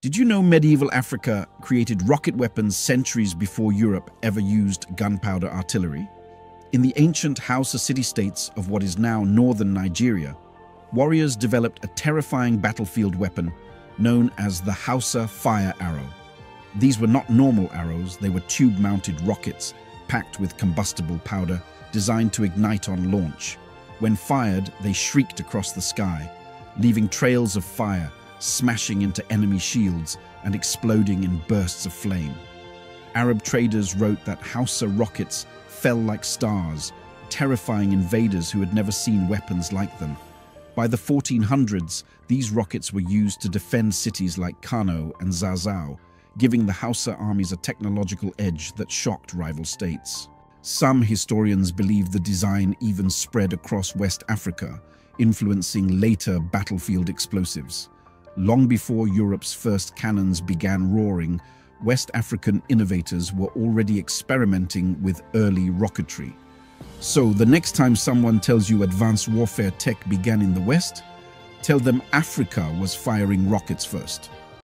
Did you know medieval Africa created rocket weapons centuries before Europe ever used gunpowder artillery? In the ancient Hausa city-states of what is now northern Nigeria, warriors developed a terrifying battlefield weapon known as the Hausa fire arrow. These were not normal arrows, they were tube-mounted rockets packed with combustible powder designed to ignite on launch. When fired, they shrieked across the sky, leaving trails of fire smashing into enemy shields and exploding in bursts of flame. Arab traders wrote that Hausa rockets fell like stars, terrifying invaders who had never seen weapons like them. By the 1400s, these rockets were used to defend cities like Kano and Zazao, giving the Hausa armies a technological edge that shocked rival states. Some historians believe the design even spread across West Africa, influencing later battlefield explosives. Long before Europe's first cannons began roaring, West African innovators were already experimenting with early rocketry. So the next time someone tells you advanced warfare tech began in the West, tell them Africa was firing rockets first.